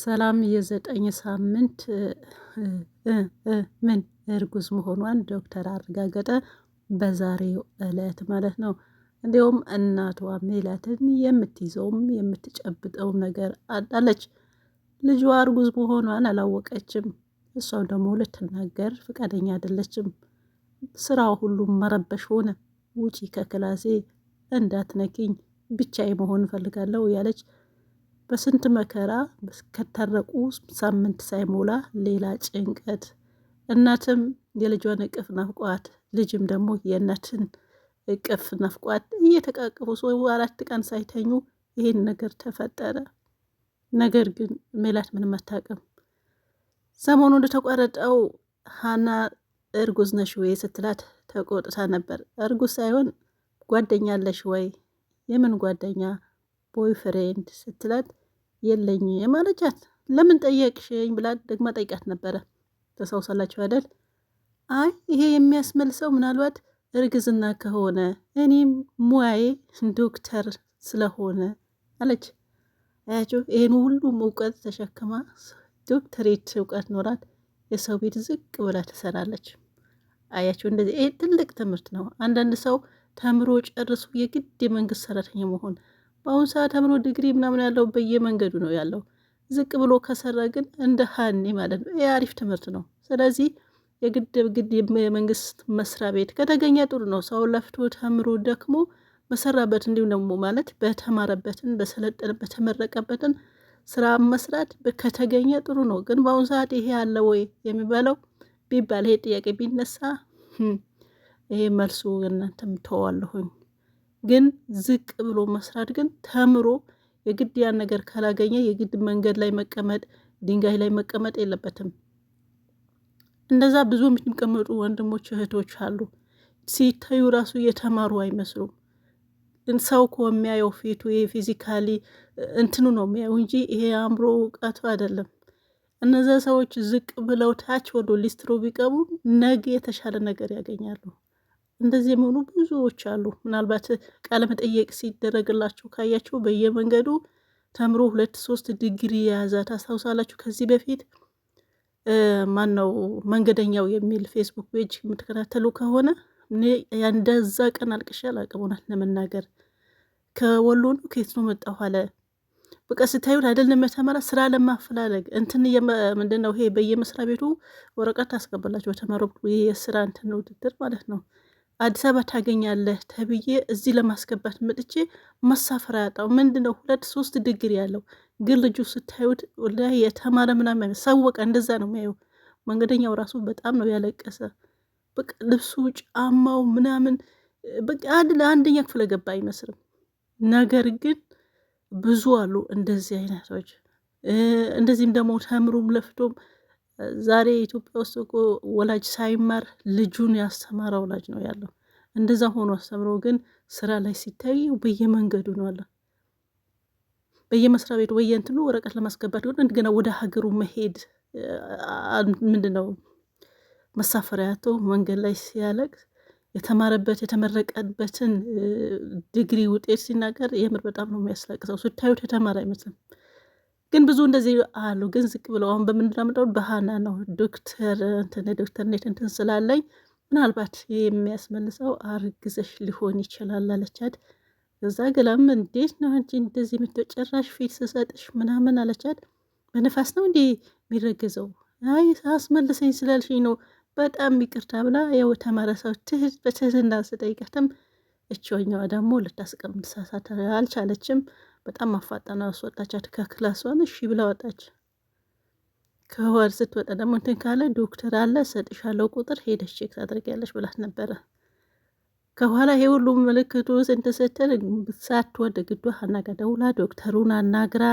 ሰላም የዘጠኝ ሳምንት ምን እርጉዝ መሆኗን ዶክተር አረጋገጠ በዛሬው እለት ማለት ነው። እንዲሁም እናቷ ሜላትን የምትይዘውም የምትጨብጠውም ነገር አጣለች። ልጇ እርጉዝ መሆኗን አላወቀችም። እሷም ደግሞ ልትናገር ፈቃደኛ አይደለችም። ስራ ሁሉም መረበሽ ሆነ። ውጪ ከክላሴ እንዳትነኪኝ፣ ብቻዬ መሆን እፈልጋለሁ ያለች በስንት መከራ ከታረቁ ሳምንት ሳይሞላ ሌላ ጭንቀት፣ እናትም የልጇን እቅፍ ናፍቋት፣ ልጅም ደግሞ የእናትን እቅፍ ናፍቋት እየተቃቀፉ ሰው አራት ቀን ሳይተኙ ይህን ነገር ተፈጠረ። ነገር ግን ሜላት ምንም አታውቅም። ሰሞኑ እንደተቋረጠው ሀና እርጉዝ ነሽ ወይ ስትላት ተቆጥታ ነበር። እርጉዝ ሳይሆን ጓደኛ አለሽ ወይ? የምን ጓደኛ ቦይፍሬንድ ስትላት የለኝ አለቻት። ለምን ጠየቅሽኝ ብላ ደግማ ጠይቃት ነበረ። ተሳውሳላችሁ አይደል? አይ ይሄ የሚያስመልሰው ምናልባት እርግዝና ከሆነ እኔም ሙያዬ ዶክተር ስለሆነ አለች። አያቸው ይህን ሁሉም እውቀት ተሸክማ ዶክተሬት እውቀት ኖራት የሰው ቤት ዝቅ ብላ ትሰራለች። አያቸው እንደዚህ ይሄ ትልቅ ትምህርት ነው። አንዳንድ ሰው ተምሮ ጨርሶ የግድ የመንግስት ሰራተኛ መሆን በአሁኑ ሰዓት ተምሮ ዲግሪ ምናምን ያለው በየመንገዱ ነው ያለው። ዝቅ ብሎ ከሰራ ግን እንደ ሀኒ ማለት ነው። የአሪፍ ትምህርት ነው። ስለዚህ የግድ ግድ የመንግስት መስሪያ ቤት ከተገኘ ጥሩ ነው። ሰው ለፍቶ ተምሮ ደክሞ በሰራበት እንዲሁም ደግሞ ማለት በተማረበትን በሰለጠን በተመረቀበትን ስራ መስራት ከተገኘ ጥሩ ነው። ግን በአሁኑ ሰዓት ይሄ አለ ወይ የሚባለው ቢባል ይሄ ጥያቄ ቢነሳ ይሄ መልሱ እናንተም ተዋለሁኝ። ግን ዝቅ ብሎ መስራት ግን ተምሮ የግድ ያን ነገር ካላገኘ የግድ መንገድ ላይ መቀመጥ፣ ድንጋይ ላይ መቀመጥ የለበትም። እንደዛ ብዙ የሚቀመጡ ወንድሞች እህቶች አሉ። ሲታዩ ራሱ የተማሩ አይመስሉም። ሰው እኮ የሚያየው ፊቱ ይሄ ፊዚካሊ እንትኑ ነው የሚያየው እንጂ ይሄ አእምሮ እውቀቱ አይደለም። እነዚያ ሰዎች ዝቅ ብለው ታች ወዶ ሊስትሮ ቢቀቡ ነገ የተሻለ ነገር ያገኛሉ። እንደዚህ የሚሆኑ ብዙዎች አሉ። ምናልባት ቃለ መጠየቅ ሲደረግላቸው ካያቸው በየመንገዱ ተምሮ ሁለት ሶስት ዲግሪ የያዘ ታስታውሳላችሁ። ከዚህ በፊት ማን ነው መንገደኛው የሚል ፌስቡክ ፔጅ የምትከታተሉ ከሆነ እኔ እንደዛ ቀን አልቅሻ አላቅሙናል ለመናገር ከወሎ ነው ከየት ነው መጣሁ አለ። በቃ ስታዩት አይደለም ተማራ ስራ ለማፈላለግ እንትን ምንድን ነው ይሄ በየመስሪያ ቤቱ ወረቀት ታስገባላችሁ በተመረቁ የስራ እንትን ውድድር ማለት ነው። አዲስ አበባ ታገኛለህ ተብዬ እዚህ ለማስገባት መጥቼ መሳፈር ያጣው ምንድን ነው? ሁለት ሶስት ድግሪ ያለው ግን ልጁ ስታዩት ላይ የተማረ ምናምን ሳወቀ እንደዛ ነው የሚያየው። መንገደኛው ራሱ በጣም ነው ያለቀሰ። በቃ ልብሱ፣ ጫማው ምናምን በቃ ለአንደኛ ክፍለ ገባ አይመስልም። ነገር ግን ብዙ አሉ እንደዚህ አይነቶች። እንደዚህም ደግሞ ተምሩም ለፍቶም ዛሬ ኢትዮጵያ ውስጥ እኮ ወላጅ ሳይማር ልጁን ያስተማረ ወላጅ ነው ያለው። እንደዛ ሆኖ አስተምረው ግን ስራ ላይ ሲታይ በየመንገዱ ነው አለ በየመስሪያ ቤቱ በየእንትኑ ወረቀት ለማስገባት ሆ እንደገና ወደ ሀገሩ መሄድ ምንድን ነው መሳፈሪያቶ መንገድ ላይ ሲያለቅስ የተማረበት የተመረቀበትን ዲግሪ ውጤት ሲናገር የምር በጣም ነው የሚያስለቅሰው። ስታዩት የተማረ አይመስልም። ግን ብዙ እንደዚህ አሉ። ግን ዝቅ ብለው አሁን በምንራምደው በሃና ነው ዶክተር እንትን ዶክተር ኔት እንትን ስላለኝ ምናልባት የሚያስመልሰው አርግዘሽ ሊሆን ይችላል አለቻት። እዛ ገላም እንዴት ነው እንጂ እንደዚህ የምትው ጭራሽ ፊት ስሰጥሽ ምናምን አለቻት። በነፋስ ነው እንዲህ የሚረግዘው? አይ አስመልሰኝ ስላልሽኝ ነው በጣም ይቅርታ ብላ ያው ተማረ ሰው ትህት በትህትና ስጠይቃትም እችኛዋ ደግሞ ልታስቀምሳሳት አልቻለችም። በጣም አፋጣና አስወጣቻት ከክላሷን። እሺ ብላ ወጣች። ከዋድ ስትወጣ ደግሞ እንትን ካለ ዶክተር አለ ሰጥሻለው ቁጥር ሄደሽ ቼክ ታደርጊያለሽ ብላት ነበረ። ከኋላ ይሄ ሁሉ ምልክቱ ስንተሰተን ሳትወድ ግዷ አናጋ ደውላ ዶክተሩን አናግራ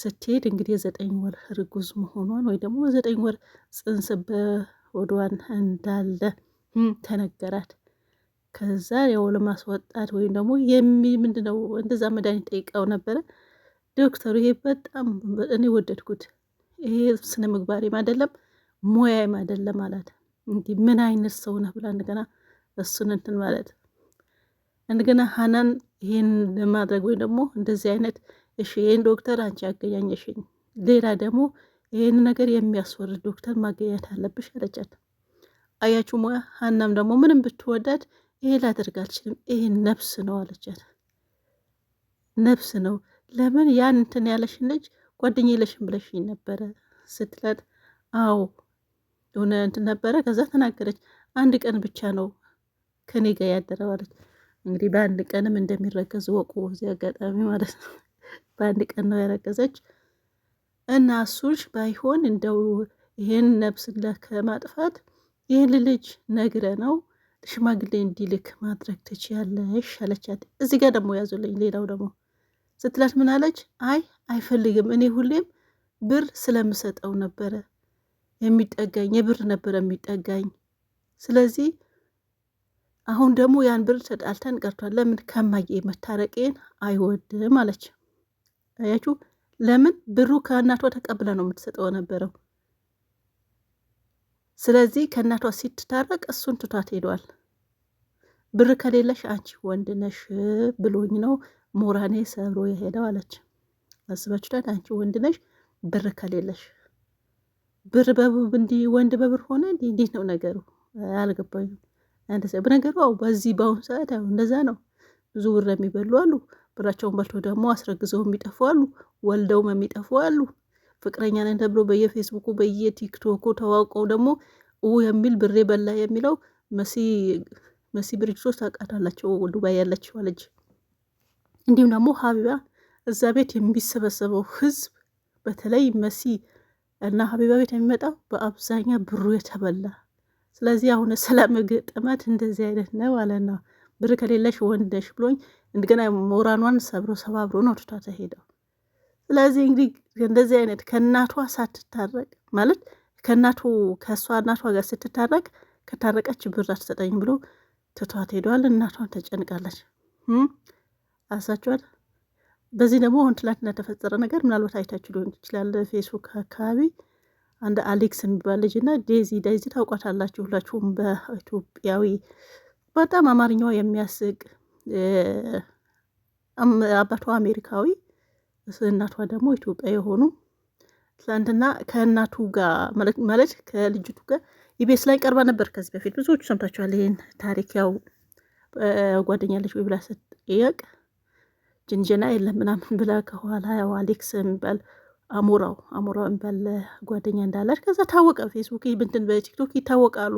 ስትሄድ እንግዲህ የዘጠኝ ወር ርጉዝ መሆኗን ወይ ደግሞ ዘጠኝ ወር ጽንስ በወዷን እንዳለ ተነገራት። ከዛ ያው ለማስወጣት ወይም ደግሞ ምንድነው እንደዛ መድኃኒት ጠይቀው ነበረ ዶክተሩ። ይሄ በጣም እኔ ወደድኩት። ይሄ ስነ ምግባሬም አይደለም ሙያም አይደለም አላት። እንዲህ ምን አይነት ሰው ነህ ብላ እንደገና እሱን እንትን ማለት እንደገና ሀናን ይህን ለማድረግ ወይም ደግሞ እንደዚህ አይነት እሺ፣ ይህን ዶክተር አንቺ አገኛኘሽኝ፣ ሌላ ደግሞ ይህን ነገር የሚያስወርድ ዶክተር ማገኘት አለብሽ አለቻት። አያችሁ ሙያ። ሀናም ደግሞ ምንም ብትወዳድ ይሄ ላደርግ አልችልም፣ ይሄ ነብስ ነው አለቻት። ነብስ ነው ለምን ያን እንትን ያለሽን ልጅ ጓደኛ የለሽም ብለሽኝ ነበረ ስትላት፣ አዎ የሆነ እንትን ነበረ። ከዛ ተናገረች። አንድ ቀን ብቻ ነው ከኔ ጋር ያደረው አለች። እንግዲህ በአንድ ቀንም እንደሚረገዝ ወቁ። እዚህ አጋጣሚ ማለት ነው በአንድ ቀን ነው ያረገዘች እና እሱሽ ባይሆን እንደው ይህን ነብስ ለከማጥፋት ይህን ልጅ ነግረ ነው ሽማግሌ እንዲልክ ማድረግ ትችያለሽ አለቻት። እዚህ ጋር ደግሞ ያዙልኝ። ሌላው ደግሞ ስትላት ምን አለች? አይ አይፈልግም። እኔ ሁሌም ብር ስለምሰጠው ነበረ የሚጠጋኝ፣ የብር ነበረ የሚጠጋኝ። ስለዚህ አሁን ደግሞ ያን ብር ተጣልተን ቀርቷል። ለምን ከማዬ መታረቄን አይወድም አለች። አያችሁ፣ ለምን ብሩ ከእናቷ ተቀብላ ነው የምትሰጠው ነበረው ስለዚህ ከእናቷ ሲትታረቅ እሱን ትቷት ሄዷል። ብር ከሌለሽ አንቺ ወንድ ነሽ ብሎኝ ነው ሞራኔ ሰብሮ የሄደው አለች። አስባችሁታል? አንቺ ወንድ ነሽ ብር ከሌለሽ ብር እንዲህ ወንድ በብር ሆነ እንዲህ እንዴት ነው ነገሩ? አልገባኝም። አንድ በነገሩ አው በዚህ በአሁኑ ሰዓት ው እንደዛ ነው። ብዙ ብር የሚበሉ አሉ፣ ብራቸውን በልቶ ደግሞ አስረግዘው የሚጠፉ አሉ፣ ወልደውም የሚጠፉ አሉ። ፍቅረኛ ነን ተብሎ በየፌስቡኩ በየቲክቶኩ ተዋውቀው ደግሞ ው የሚል ብሬ በላ የሚለው መሲ መሲ ብርጅቶች ታውቃታላቸው ዱባይ ያለችው ልጅ እንዲሁም ደግሞ ሀቢባ እዛ ቤት የሚሰበሰበው ህዝብ በተለይ መሲ እና ሀቢባ ቤት የሚመጣው በአብዛኛ ብሩ የተበላ ስለዚህ አሁን ሰላም ግጥመት እንደዚህ አይነት ነው ማለት ነው። ብር ከሌለሽ ወንደሽ ብሎኝ እንደገና ሞራኗን ሰብሮ ሰባብሮ ነው ትቷት ተሄደው። ስለዚህ እንግዲህ እንደዚህ አይነት ከእናቷ ሳትታረቅ ማለት ከእናቱ ከእሷ እናቷ ጋር ስትታረቅ ከታረቀች ብር አትሰጠኝም ብሎ ትቷት ሄደዋል። እናቷን ተጨንቃለች። አሳቸዋል። በዚህ ደግሞ አሁን ትላንትና ተፈጠረ ነገር ምናልባት አይታችሁ ሊሆን ይችላል። ፌስቡክ አካባቢ አንድ አሌክስ የሚባል ልጅ እና ዴዚ ዳይዚ ታውቋታላችሁ ሁላችሁም። በኢትዮጵያዊ በጣም አማርኛው የሚያስቅ አባቷ አሜሪካዊ እናቷ ደግሞ ኢትዮጵያ የሆኑ ትላንትና ከእናቱ ጋር ማለት ከልጅቱ ጋር ኢቢኤስ ላይ ቀርባ ነበር ከዚህ በፊት ብዙዎቹ ሰምታችኋል። ይህን ታሪክ ያው ጓደኛለች ወይ ብላ ስትጠየቅ ጅንጀና የለም ምናምን ብላ ከኋላ ያው አሌክስ የሚባል አሞራው አሞራው የሚባል ጓደኛ እንዳላች ከዛ ታወቀ። ፌስቡክ ብንትን በቲክቶክ ይታወቃሉ።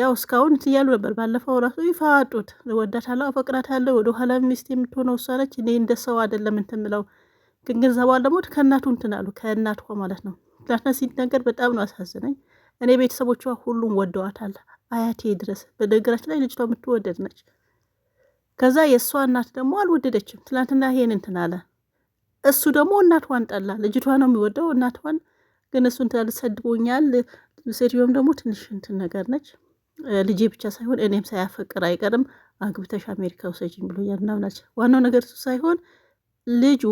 ያው እስካሁን እያሉ ነበር። ባለፈው ራሱ ይፋ አጡት ወዳታለሁ፣ አፈቅራታለሁ፣ ወደኋላ ሚስት የምትሆነው እሷ ነች፣ እኔ እንደ ሰው አይደለም እንትን ግን ገንዘቧን ደግሞ ከእናቱ እንትን አሉ ከእናቷ ማለት ነው። ትናንትና ሲነገር በጣም ነው አሳዝነኝ። እኔ ቤተሰቦቿ ሁሉም ወደዋታል አያቴ ድረስ። በነገራችን ላይ ልጅቷ የምትወደድ ነች። ከዛ የእሷ እናት ደግሞ አልወደደችም። ትናንትና ይሄን እንትን አለ። እሱ ደግሞ እናቷን ጠላ። ልጅቷ ነው የሚወደው እናቷን፣ ግን እሱ እንትን አለ፣ ሰድቦኛል። ሴትዮም ደግሞ ትንሽ እንትን ነገር ነች። ልጄ ብቻ ሳይሆን እኔም ሳያፈቅር አይቀርም አግብተሽ አሜሪካ ውሰጅኝ ብሎኛል ምናምን አለች። ዋናው ነገር እሱ ሳይሆን ልጁ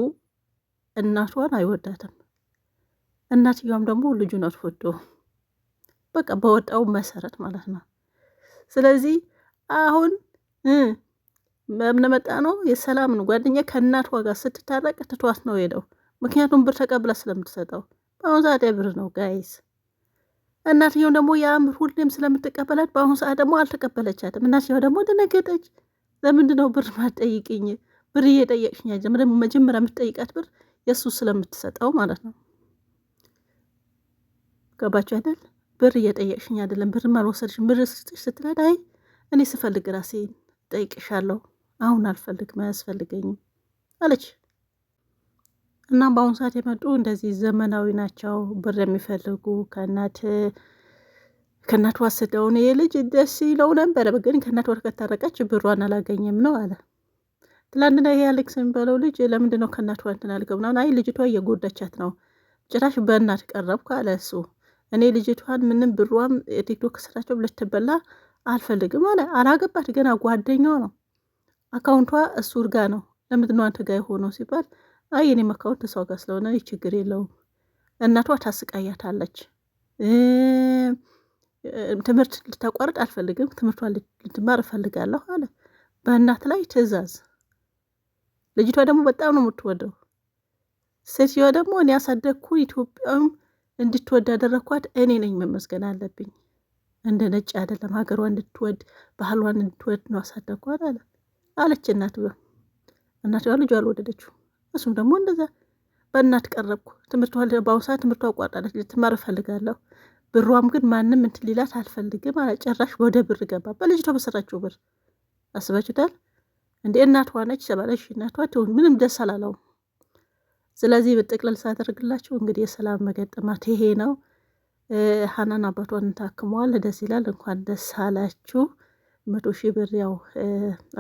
እናቷን አይወዳትም። እናትየዋም ደግሞ ልጁን አትወዶ በቃ በወጣው መሰረት ማለት ነው። ስለዚህ አሁን እምንመጣ ነው የሰላም ነው ጓደኛ ከእናት ዋጋ ስትታረቅ ትቷት ነው ሄደው። ምክንያቱም ብር ተቀብላ ስለምትሰጠው በአሁኑ ሰዓት ብር ነው ጋይስ። እናትየው ደግሞ የአምር ሁሌም ስለምትቀበላት በአሁኑ ሰዓት ደግሞ አልተቀበለቻትም። እናትየው ደግሞ ደነገጠች። ለምንድን ነው ብር ማትጠይቅኝ? ብር እየጠየቅሽኝ መጀመሪያ የምትጠይቃት ብር የእሱ ስለምትሰጠው ማለት ነው። ገባችሁ አይደል? ብር እየጠየቅሽኝ አይደለም፣ ብር አልወሰድሽም። ብር ስጥሽ ስትላት አይ እኔ ስፈልግ ራሴ ጠይቅሻለሁ፣ አሁን አልፈልግም፣ አያስፈልገኝም አለች። እና በአሁኑ ሰዓት የመጡ እንደዚህ ዘመናዊ ናቸው፣ ብር የሚፈልጉ ከእናት ከእናት ወስደው። እኔ ልጅ ደስ ይለው ነበረ፣ ግን ከእናት ወር ታረቀች ብሯን አላገኘም ነው አለ ትላንትና ይሄ አሌክስ የሚባለው ልጅ ለምንድን ነው ከእናቷ እንትን አልገብ ነው? አይ ልጅቷ እየጎዳቻት ነው። ጭራሽ በእናት ቀረብኩ አለ እሱ። እኔ ልጅቷን ምንም ብሯም የቲክቶክ ስራቸው ልትበላ አልፈልግም አለ። አላገባት ገና ጓደኛው ነው። አካውንቷ እሱ ጋ ነው። ለምንድን ነው አንተ ጋ የሆነው ሲባል አይ የኔም አካውንት እሷ ጋ ስለሆነ ችግር የለውም። እናቷ ታስቃያታለች። ትምህርት ልታቋርጥ አልፈልግም። ትምህርቷን ልትማር እፈልጋለሁ አለ። በእናት ላይ ትዕዛዝ ልጅቷ ደግሞ በጣም ነው የምትወደው። ሴትዮዋ ደግሞ እኔ ያሳደግኩ ኢትዮጵያም እንድትወድ ያደረግኳት እኔ ነኝ፣ መመስገን አለብኝ። እንደ ነጭ አይደለም፣ ሀገሯ እንድትወድ ባህሏን እንድትወድ ነው አሳደግኳት አለ አለች እናት እናትየዋ ልጇ አልወደደችው። እሱም ደግሞ እንደዛ በእናት ቀረብኩ። ትምህርቷ በአሁኑ ሰዓት ትምህርቷ አቋርጣለች፣ ልትማር እፈልጋለሁ። ብሯም ግን ማንም እንትን ሊላት አልፈልግም ጨራሽ ጭራሽ ወደ ብር ገባ፣ በልጅቷ በሰራችው ብር አስበችታል። እንዴ እናቷ ነች ተባለሽ እናቷ ትሁን ምንም ደስ አላለውም። ስለዚህ በጥቅልል ሳደርግላችሁ እንግዲህ የሰላም መገጠማት ይሄ ነው። ሀናን አባቷን ታክመዋል። ደስ ይላል። እንኳን ደስ አላችሁ። መቶ ሺህ ብር ያው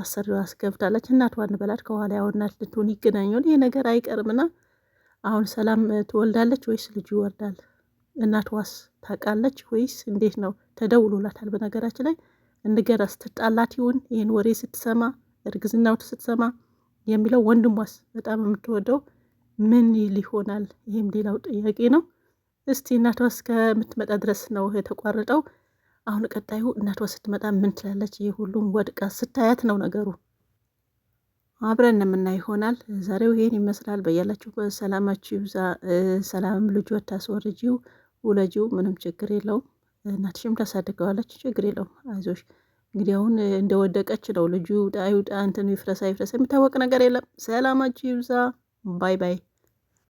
አሰሪዋ አስገብታለች። እናቷን በላት ከኋላ ያው እናት ልትሆን ይገናኛል። ይሄ ነገር አይቀርምና አሁን ሰላም ትወልዳለች ወይስ ልጁ ይወርዳል? እናትዋስ ታውቃለች ወይስ እንዴት ነው? ተደውሎላታል። በነገራችን ላይ እንገና ስትጣላት ይሆን ይህን ወሬ ስትሰማ እርግዝናውን ስትሰማ የሚለው ወንድሟስ በጣም የምትወደው ምን ይል ይሆናል ይህም ሌላው ጥያቄ ነው። እስቲ እናቷ እስከምትመጣ ድረስ ነው የተቋረጠው። አሁን ቀጣዩ እናቷ ስትመጣ ምን ትላለች? ይህ ሁሉም ወድቃ ስታያት ነው ነገሩ። አብረን የምና ይሆናል። ዛሬው ይሄን ይመስላል። በያላችሁ ሰላማችሁ ይብዛ። ሰላም ልጁ ታስወርጂው፣ ውለጂው፣ ምንም ችግር የለውም። እናትሽም ታሳድገዋለች፣ ችግር የለውም። አይዞሽ እንግዲህ አሁን እንደወደቀች ነው ልጁ ጣዩ ጣ እንትን ይፍረሳ ይፍረሳ የሚታወቅ ነገር የለም። ሰላማችሁ ይብዛ። ባይ ባይ